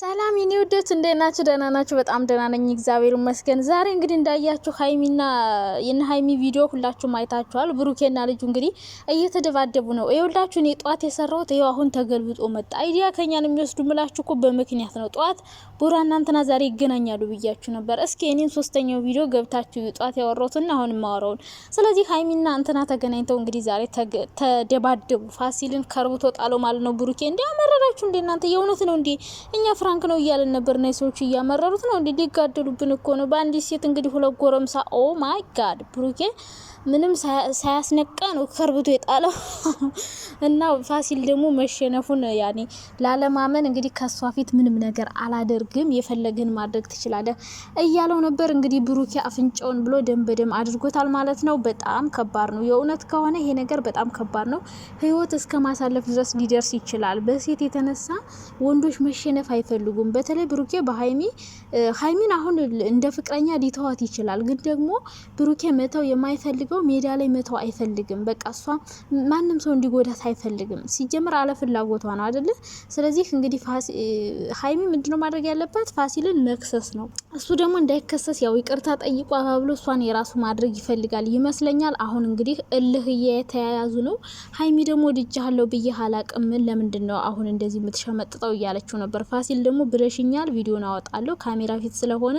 ሰላም የኔ ውዶች እንዴት ናችሁ? ደህና ናችሁ? በጣም ደህና ነኝ፣ እግዚአብሔር ይመስገን። ዛሬ እንግዲህ እንዳያችሁ ሀይሚና የነ ሀይሚ ቪዲዮ ሁላችሁም አይታችኋል። ብሩኬና ልጁ እንግዲህ እየተደባደቡ ነው። ይሄ እኔ ጠዋት የሰራሁት ይሄው አሁን ተገልብጦ መጣ። አይዲያ ከኛን የሚወስዱ ምላችሁ እኮ በምክንያት ነው። ጠዋት ቡራ እናንተና ዛሬ ይገናኛሉ ብያችሁ ነበር። እስኪ እኔም ሶስተኛው ቪዲዮ ገብታችሁ ጠዋት ያወራሁትና አሁን የማወራውን። ስለዚህ ሀይሚና እንትና ተገናኝተው እንግዲህ ዛሬ ተደባደቡ። ፋሲልን ከርብቶ ጣለው ማለት ነው። ብሩኬ እንዲያመረራችሁ እንዴ እናንተ የእውነት ነው እንዴ እኛ ፍራንክ ነው እያለን ነበር ና ሰዎች እያመረሩት ነው እንዲ ሊጋደሉብን እኮ ነው። በአንዲት ሴት እንግዲህ ሁለት ጎረምሳ። ኦ ማይ ጋድ ብሩኬ ምንም ሳያስነቃ ነው ከርብቶ የጣለው እና ፋሲል ደግሞ መሸነፉን ያኔ ላለማመን እንግዲህ ከሷ ፊት ምንም ነገር አላደርግም፣ የፈለግህን ማድረግ ትችላለህ እያለው ነበር። እንግዲህ ብሩኬ አፍንጫውን ብሎ ደም በደም አድርጎታል ማለት ነው። በጣም ከባድ ነው። የእውነት ከሆነ ይሄ ነገር በጣም ከባድ ነው። ህይወት እስከ ማሳለፍ ድረስ ሊደርስ ይችላል። በሴት የተነሳ ወንዶች መሸነፍ አይፈልጉም። አይፈልጉም። በተለይ ብሩኬ በሀይሚ ሀይሚን አሁን እንደ ፍቅረኛ ሊተዋት ይችላል፣ ግን ደግሞ ብሩኬ መተው የማይፈልገው ሜዳ ላይ መተው አይፈልግም። በቃ እሷ ማንም ሰው እንዲጎዳት አይፈልግም። ሲጀምር አለፍላጎቷ ነው አደለ? ስለዚህ እንግዲህ ሀይሚ ምንድነው ማድረግ ያለባት? ፋሲልን መክሰስ ነው። እሱ ደግሞ እንዳይከሰስ ያው ይቅርታ ጠይቆ አባብሎ እሷን የራሱ ማድረግ ይፈልጋል ይመስለኛል። አሁን እንግዲህ እልህ እየተያያዙ ነው። ሀይሚ ደግሞ ድጃ አለው ብዬ አላቅም፣ ለምንድን ነው አሁን እንደዚህ የምትሸመጥጠው እያለችው ነበር ፋሲል ደግሞ ብለሽኛል፣ ቪዲዮን አወጣለሁ፣ ካሜራ ፊት ስለሆነ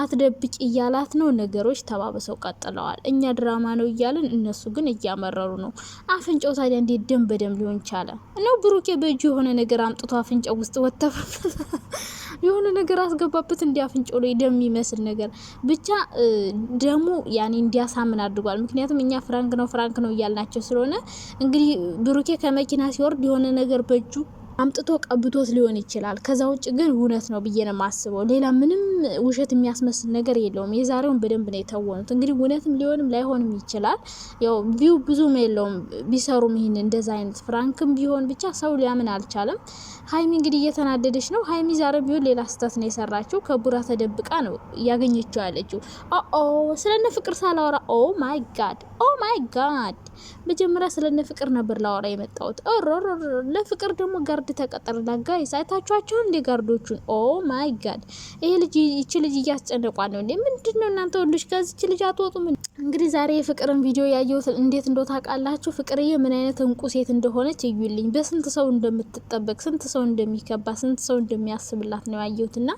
አትደብቂ እያላት ነው። ነገሮች ተባብሰው ቀጥለዋል። እኛ ድራማ ነው እያልን እነሱ ግን እያመረሩ ነው። አፍንጫው ታዲያ እንዴት ደም በደም ሊሆን ቻለ? እነው ብሩኬ በእጁ የሆነ ነገር አምጥቶ አፍንጫው ውስጥ ወተፈ የሆነ ነገር አስገባበት እንዲ አፍንጮ ላይ ደም የሚመስል ነገር ብቻ ደሙ ያኔ እንዲያሳምን አድርጓል። ምክንያቱም እኛ ፍራንክ ነው ፍራንክ ነው እያልናቸው ስለሆነ እንግዲህ ብሩኬ ከመኪና ሲወርድ የሆነ ነገር በእጁ አምጥቶ ቀብቶት ሊሆን ይችላል። ከዛ ውጭ ግን እውነት ነው ብዬ ነው የማስበው። ሌላ ምንም ውሸት የሚያስመስል ነገር የለውም። የዛሬውን በደንብ ነው የተወኑት። እንግዲህ እውነትም ሊሆንም ላይሆንም ይችላል። ያው ቪው ብዙም የለውም ቢሰሩም ይህን እንደዛ አይነት ፍራንክም ቢሆን ብቻ ሰው ሊያምን አልቻለም። ሀይሚ እንግዲህ እየተናደደች ነው። ሀይሚ ዛሬ ቢሆን ሌላ ስህተት ነው የሰራችው። ከቡራ ተደብቃ ነው እያገኘችው ያለችው። ኦ ስለነ ፍቅር ሳላወራ ኦ ማይ ጋድ ኦ ማይ ጋድ። መጀመሪያ ስለነ ፍቅር ነበር ላወራ የመጣሁት። ለፍቅር ደግሞ ጋር ጋርድ ተቀጠርና ጋይስ አይታችኋቸው እንዴ ጋርዶቹን? ኦ ማይ ጋድ! ይሄ ልጅ ይቺ ልጅ እያስጨነቋ ነው እንዴ? ምንድን ነው እናንተ ወንዶች ከዚች ልጅ አትወጡም? እንግዲህ ዛሬ የፍቅርን ቪዲዮ ያየሁት እንዴት እንደው ታውቃላችሁ፣ ፍቅርዬ ምን አይነት እንቁ ሴት እንደሆነች እዩልኝ። በስንት ሰው እንደምትጠበቅ፣ ስንት ሰው እንደሚከባ፣ ስንት ሰው እንደሚያስብላት ነው ያየሁት። እና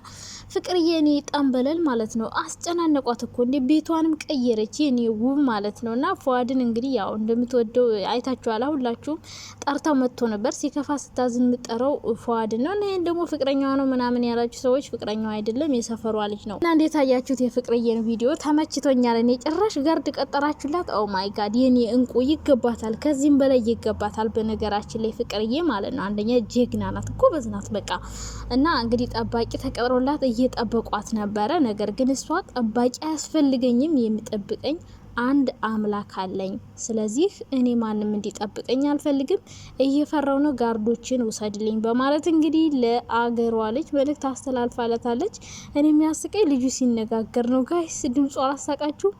ፍቅርዬ እኔ ጣምበለል ማለት ነው አስጨናነቋት እኮ እንዴ! ቤቷንም ቀየረች የኔ ውብ ማለት ነው። እና ፏድን እንግዲህ ያው እንደምትወደው አይታችኋላ፣ ሁላችሁም። ጠርታው መጥቶ ነበር ሲከፋ ስታዝን የምጠራው ፏድ ነው። እና ይህን ደግሞ ፍቅረኛዋ ነው ምናምን ያላችሁ ሰዎች ፍቅረኛዋ አይደለም የሰፈሯ ልጅ ነው። እና እንዴት አያችሁት የፍቅርዬን ቪዲዮ? ተመችቶኛል እኔ ጭራሽ ጋር ቢሊያርድ ቀጠራችሁላት። ኦ ማይ ጋድ የኔ እንቁ ይገባታል፣ ከዚህም በላይ ይገባታል። በነገራችን ላይ ፍቅርዬ ማለት ነው አንደኛ ጀግና ናት፣ ጎበዝ ናት። በቃ እና እንግዲህ ጠባቂ ተቀጥሮላት እየጠበቋት ነበረ። ነገር ግን እሷ ጠባቂ አያስፈልገኝም የሚጠብቀኝ አንድ አምላክ አለኝ። ስለዚህ እኔ ማንም እንዲጠብቀኝ አልፈልግም፣ እየፈራው ነው። ጋርዶችን ውሰድልኝ በማለት እንግዲህ ለአገሯ ልጅ መልእክት አስተላልፋለታለች። እኔ የሚያስቀኝ ልጁ ሲነጋገር ነው። ጋይስ ድምፁ አላሳቃችሁ?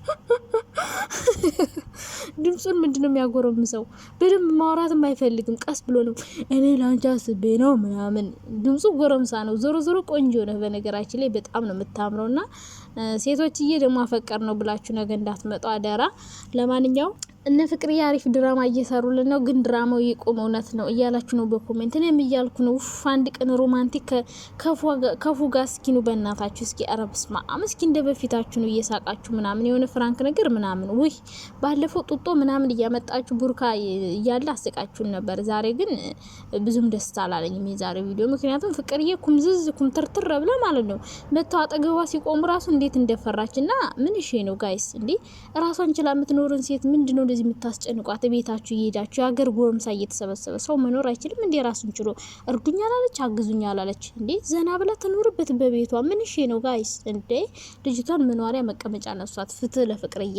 ድምፁን ምንድን ነው የሚያጎረምሰው? በደንብ ማውራትም አይፈልግም። ቀስ ብሎ ነው እኔ ላንቺ አስቤ ነው ምናምን። ድምፁ ጎረምሳ ነው። ዞሮ ዞሮ ቆንጆ ነህ። በነገራችን ላይ በጣም ነው የምታምረው። ና ሴቶችዬ ደግሞ አፈቀር ነው ብላችሁ ነገ እንዳትመጡ አደራ። ለማንኛውም እነ ፍቅርዬ አሪፍ ድራማ እየሰሩልን ነው፣ ግን ድራማው ይቁም። እውነት ነው እያላችሁ ነው በኮሜንት። እኔም እያልኩ ነው። ውፍ አንድ ቀን ሮማንቲክ ከፉ ጋር እስኪኑ በእናታችሁ እስኪ አረብስ ማም እስኪ እንደ በፊታችሁ ነው እየሳቃችሁ ምናምን የሆነ ፍራንክ ነገር ምናምን። ውይ ባለፈው ጡጦ ምናምን እያመጣችሁ ቡርካ እያለ አስቃችሁን ነበር። ዛሬ ግን ብዙም ደስታ አላለኝም የዛሬው ቪዲዮ። ምክንያቱም ፍቅርዬ ኩምዝዝ ኩምትርትር ብለ ማለት ነው መተው አጠገቧ ሲቆሙ ራሱ እንዴት እንደፈራች እና ምን ሼ ነው ጋይስ እንዴ ራሷን ችላ የምትኖርን ሴት ምንድነው እንደዚህ የምታስጨንቋት ቤታችሁ እየሄዳችሁ የሀገር ጎረምሳ እየተሰበሰበ ሰው መኖር አይችልም እንዴ? ራሱን ችሎ እርዱኛ አላለች፣ አግዙኛ አላለች እንዴ? ዘና ብላ ትኖርበት በቤቷ ምን ሽ ነው ጋይስ እንዴ? ልጅቷን መኖሪያ መቀመጫ ነሷት። ፍትህ ለፍቅርዬ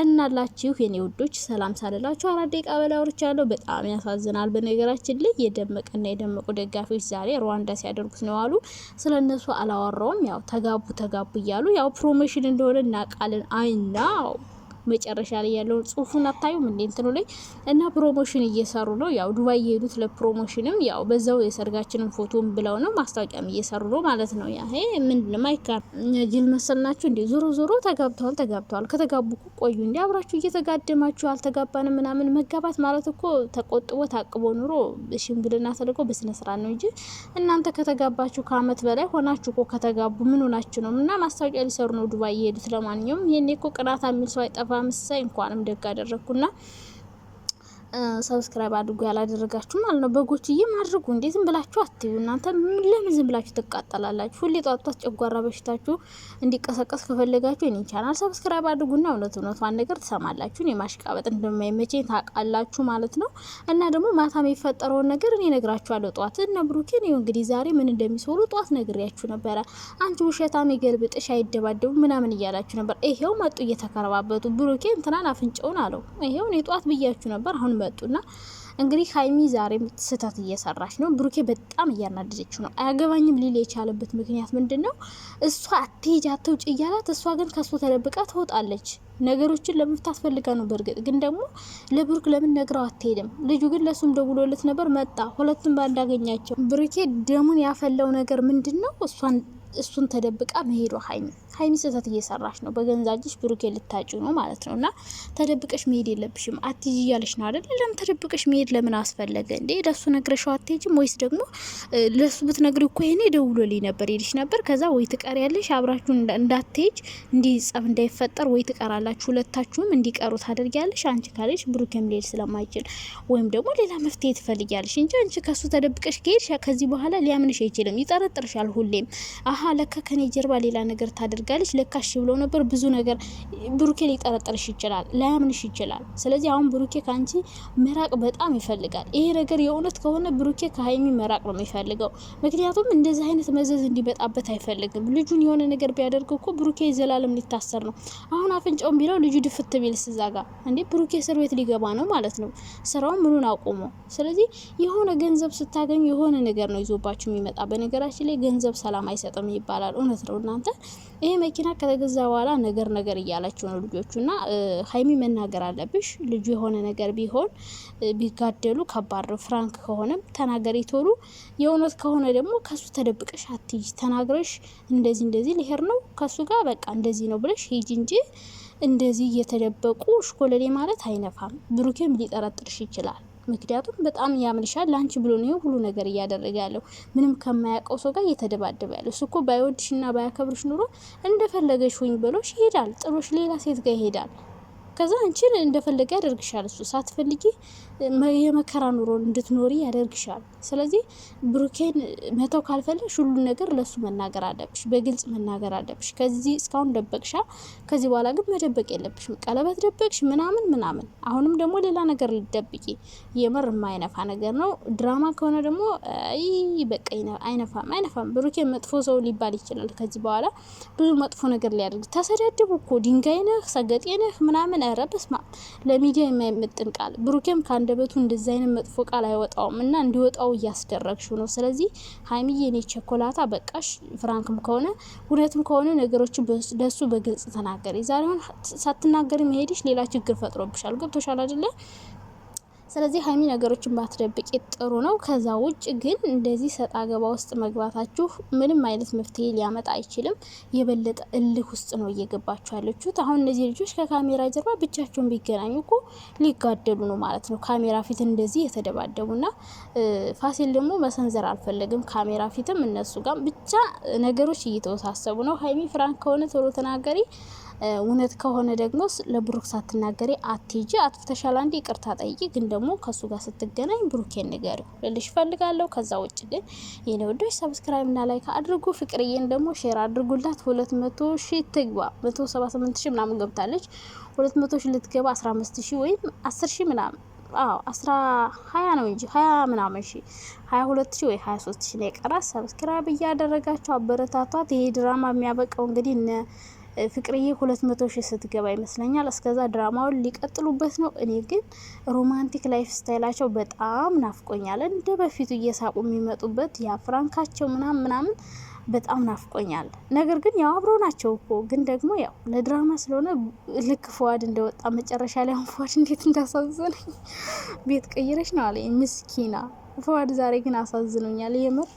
እናላችሁ የኔ ውዶች። ሰላም ሳልላችሁ አራት ደቂቃ በላይ አውርቻለሁ። በጣም ያሳዝናል። በነገራችን ላይ የደመቀና የደመቁ ደጋፊዎች ዛሬ ሩዋንዳ ሲያደርጉት ነው አሉ። ስለ እነሱ አላወራውም። ያው ተጋቡ ተጋቡ እያሉ ያው ፕሮሞሽን እንደሆነ እናቃለን። አይ ነው መጨረሻ ላይ ያለውን ጽሁፉን አታዩም እንዴ እንትኑ ላይ እና ፕሮሞሽን እየሰሩ ነው። ያው ዱባይ የሄዱት ለፕሮሞሽንም ያው በዛው የሰርጋችንን ፎቶን ብለው ነው ማስታወቂያም እየሰሩ ነው ማለት ነው። ያ ይሄ ምንድን ማይካ ጅል መሰልናችሁ እንዴ? ዞሮ ዞሮ ተጋብተዋል ተጋብተዋል። ከተጋቡ ቆዩ እንዲ አብራችሁ እየተጋደማችሁ አልተጋባንም ምናምን። መጋባት ማለት እኮ ተቆጥቦ ታቅቦ ኑሮ ሽምግልና ተልቆ በስነስርዓት ነው እንጂ እናንተ ከተጋባችሁ ከአመት በላይ ሆናችሁ እኮ ከተጋቡ ምን ሆናችሁ ነው? እና ማስታወቂያ ሊሰሩ ነው ዱባይ የሄዱት። ለማንኛውም ይህኔ እኮ ቅናታ የሚል ሰው አይጠፋ አርባ አምስት ሳይ እንኳንም ደግ አደረግኩና ሰብስክራይብ አድርጉ ያላደረጋችሁ ማለት ነው። በጎችዬም አድርጉ እንዴ! ዝም ብላችሁ አትዩ እናንተ። ለምን ዝም ብላችሁ ትቃጠላላችሁ? ሁሌ ጧጧት ጨጓራ በሽታችሁ እንዲቀሰቀስ ከፈለጋችሁ እኔ ቻናል ሰብስክራይብ አድርጉና እውነት እውነቷን ነገር ትሰማላችሁ። እኔ ማሽቃበጥ እንደማይመቸኝ ታውቃላችሁ ማለት ነው። እና ደግሞ ማታም የሚፈጠረውን ነገር እኔ ነግራችኋለሁ። ጧት እነ ብሩኬ ነው እንግዲህ ዛሬ ምን እንደሚሰሩ ጧት ነግሬያችሁ ነበረ። አንቺ ውሸታም የገልብጥሽ አይደባደቡ ምናምን እያላችሁ ነበር። ይሄው መጡ እየተከረባበቱ። ብሩኬ እንትናን አፍንጫውን አለው። ይሄው እኔ ጧት ብያችሁ ነበር አሁን መጡና እንግዲህ ሀይሚ ዛሬም ስህተት እየሰራች ነው። ብሩኬ በጣም እያናደደችው ነው። አያገባኝም ሊል የቻለበት ምክንያት ምንድን ነው? እሷ አትሄጂ አትውጭ እያላት፣ እሷ ግን ከሱ ተደብቃ ትወጣለች። ነገሮችን ለመፍታት ፈልጋ ነው። በእርግጥ ግን ደግሞ ለብሩክ ለምን ነግረው አትሄድም? ልጁ ግን ለእሱም ደውሎለት ነበር፣ መጣ። ሁለቱም ባንዳገኛቸው አገኛቸው። ብሩኬ ደሙን ያፈላው ነገር ምንድን ነው? እሷን እሱን ተደብቃ መሄዷ ሀይሚ ሀይሚ ስህተት እየሰራች ነው። በገዛ እጅሽ ብሩኬ ልታጭ ነው ማለት ነው። እና ተደብቀሽ መሄድ የለብሽም አትጂ እያለሽ ነው አይደል? ለም ተደብቀሽ መሄድ ለምን አስፈለገ እንዴ? ለሱ ነግረሽው አትሄጂም ወይስ ደግሞ ለሱ ብትነግሪው እኮ ይሄኔ ደውሎልኝ ነበር ይልሽ ነበር። ከዛ ወይ ትቀሪያለሽ አብራችሁ እንዳትሄጅ እንዲህ ጸብ እንዳይፈጠር ወይ ትቀራላችሁ፣ ሁለታችሁም እንዲቀሩ ታደርጊያለሽ። አንቺ ካለሽ ብሩኬም ሊሄድ ስለማይችል ወይም ደግሞ ሌላ መፍትሄ ትፈልጊያለሽ እንጂ አንቺ ከሱ ተደብቀሽ ከሄድሽ ከዚህ በኋላ ሊያምንሽ አይችልም። ይጠረጥርሻል ሁሌም። አሀ ለካ ከኔ ጀርባ ሌላ ነገር ታደርግ ትጠጋለች። ለካሽ ብሎ ነበር ብዙ ነገር ብሩኬ ሊጠረጠርሽ ይችላል፣ ላያምንሽ ይችላል። ስለዚህ አሁን ብሩኬ ከአንቺ መራቅ በጣም ይፈልጋል። ይሄ ነገር የእውነት ከሆነ ብሩኬ ከሀይሚ መራቅ ነው የሚፈልገው። ምክንያቱም እንደዚህ አይነት መዘዝ እንዲመጣበት አይፈልግም። ልጁን የሆነ ነገር ቢያደርግ እኮ ብሩኬ ዘላለም ሊታሰር ነው። አሁን አፍንጫውን ቢለው ልጁ ድፍት ቢል ስዛጋ እንዴ ብሩኬ እስር ቤት ሊገባ ነው ማለት ነው። ስራውን ምኑን አቁሞ ስለዚህ የሆነ ገንዘብ ስታገኙ የሆነ ነገር ነው ይዞባችሁ የሚመጣ። በነገራችን ላይ ገንዘብ ሰላም አይሰጥም ይባላል። እውነት ነው እናንተ ይሄ መኪና ከተገዛ በኋላ ነገር ነገር እያላቸው ነው ልጆቹ። እና ሀይሚ መናገር አለብሽ ልጁ የሆነ ነገር ቢሆን ቢጋደሉ ከባድ ነው። ፍራንክ ከሆነም ተናገሪ ቶሎ። የእውነት ከሆነ ደግሞ ከሱ ተደብቀሽ አትይ። ተናግረሽ እንደዚህ እንደዚህ ሊሄድ ነው ከሱ ጋር በቃ እንደዚህ ነው ብለሽ ሄጅ እንጂ እንደዚህ እየተደበቁ ሽኮለሌ ማለት አይነፋም። ብሩኬም ሊጠረጥርሽ ይችላል። ምክንያቱም በጣም ያምንሻል። ለአንቺ ብሎ ነው ሁሉ ነገር እያደረገ ያለው። ምንም ከማያውቀው ሰው ጋር እየተደባደበ ያለው። እሱ እኮ ባይወድሽና ባያከብርሽ ኑሮ እንደፈለገሽ ሁኝ ብሎሽ ይሄዳል። ጥሎሽ ሌላ ሴት ጋር ይሄዳል። ከዛ አንቺን እንደፈለገ ያደርግሻል። እሱ ሳትፈልጊ የመከራ ኑሮ እንድትኖሪ ያደርግሻል። ስለዚህ ብሩኬን መተው ካልፈለግሽ ሁሉን ነገር ለሱ መናገር አለብሽ፣ በግልጽ መናገር አለብሽ። ከዚህ እስካሁን ደበቅሻ፣ ከዚህ በኋላ ግን መደበቅ የለብሽም። ቀለበት ደበቅሽ ምናምን ምናምን፣ አሁንም ደግሞ ሌላ ነገር ልደብቂ፣ የምር የማይነፋ ነገር ነው። ድራማ ከሆነ ደግሞ አይ በቃ አይነፋም፣ አይነፋም። ብሩኬን መጥፎ ሰው ሊባል ይችላል። ከዚህ በኋላ ብዙ መጥፎ ነገር ሊያደርግ ተሰዳድቡ እኮ ድንጋይ ነህ፣ ሰገጤ ነህ ምናምን ኧረ በስመ አብ ለሚዲያ የማይመጥን ቃል። ብሩኬም ከአንደበቱ እንደዚ አይነት መጥፎ ቃል አይወጣውም እና እንዲወጣው እያስደረግሽው ነው። ስለዚህ ሀይሚዬ፣ ኔ ቸኮላታ በቃሽ። ፍራንክም ከሆነ እውነትም ከሆነ ነገሮችን ለሱ በግልጽ ተናገሪ። ዛሬውን ሳትናገሪ መሄድሽ ሌላ ችግር ፈጥሮብሻል። ገብቶሻል አይደለ? ስለዚህ ሀይሚ ነገሮችን ባትደብቂ ጥሩ ነው። ከዛ ውጭ ግን እንደዚህ ሰጥ አገባ ውስጥ መግባታችሁ ምንም አይነት መፍትሄ ሊያመጣ አይችልም። የበለጠ እልህ ውስጥ ነው እየገባችሁ ያለችሁት። አሁን እነዚህ ልጆች ከካሜራ ጀርባ ብቻቸውን ቢገናኙ እኮ ሊጋደሉ ነው ማለት ነው። ካሜራ ፊት እንደዚህ የተደባደቡ ና ፋሲል ደግሞ መሰንዘር አልፈለግም። ካሜራ ፊትም እነሱ ጋር ብቻ ነገሮች እየተወሳሰቡ ነው። ሀይሚ ፍራንክ ከሆነ ቶሎ ተናገሪ እውነት ከሆነ ደግሞ ለብሩክ ሳትናገሪ አትሄጂ፣ አትፍተሻል አንድ ይቅርታ ጠይቂ፣ ግን ደግሞ ከእሱ ጋር ስትገናኝ ብሩኬን ንገሪው ልልሽ እፈልጋለሁ። ከዛ ውጭ ግን የኔ ወዶች ሰብስክራይብ እና ላይክ አድርጉ። ፍቅርዬን ደግሞ ሼር አድርጉላት። ሁለት መቶ ሺ ትግባ። መቶ ሰባ ስምንት ሺ ምናምን ገብታለች። ሁለት መቶ ሺ ልትገባ አስራ አምስት ሺ ወይም አስር ሺ ምናምን አዎ አስራ ሀያ ነው እንጂ ሀያ ምናምን ሺ ሀያ ሁለት ሺ ወይ ሀያ ሶስት ሺ ነው የቀራት። ሰብስክራይብ እያደረጋቸው አበረታቷት። ይሄ ድራማ የሚያበቃው እንግዲህ እነ ፍቅርዬ ሁለት መቶ ሺህ ስትገባ ይመስለኛል። እስከዛ ድራማውን ሊቀጥሉበት ነው። እኔ ግን ሮማንቲክ ላይፍ ስታይላቸው በጣም ናፍቆኛል። እንደ በፊቱ እየሳቁ የሚመጡበት ያ ፍራንካቸው ምናምን ምናምን በጣም ናፍቆኛል። ነገር ግን ያው አብሮ ናቸው እኮ ግን ደግሞ ያው ለድራማ ስለሆነ ልክ ፎዋድ እንደወጣ መጨረሻ ላይ አሁን ፎዋድ እንዴት እንዳሳዘነኝ ቤት ቀይረች ነው አለኝ ምስኪና ፎዋድ ዛሬ ግን አሳዝኖኛል የምር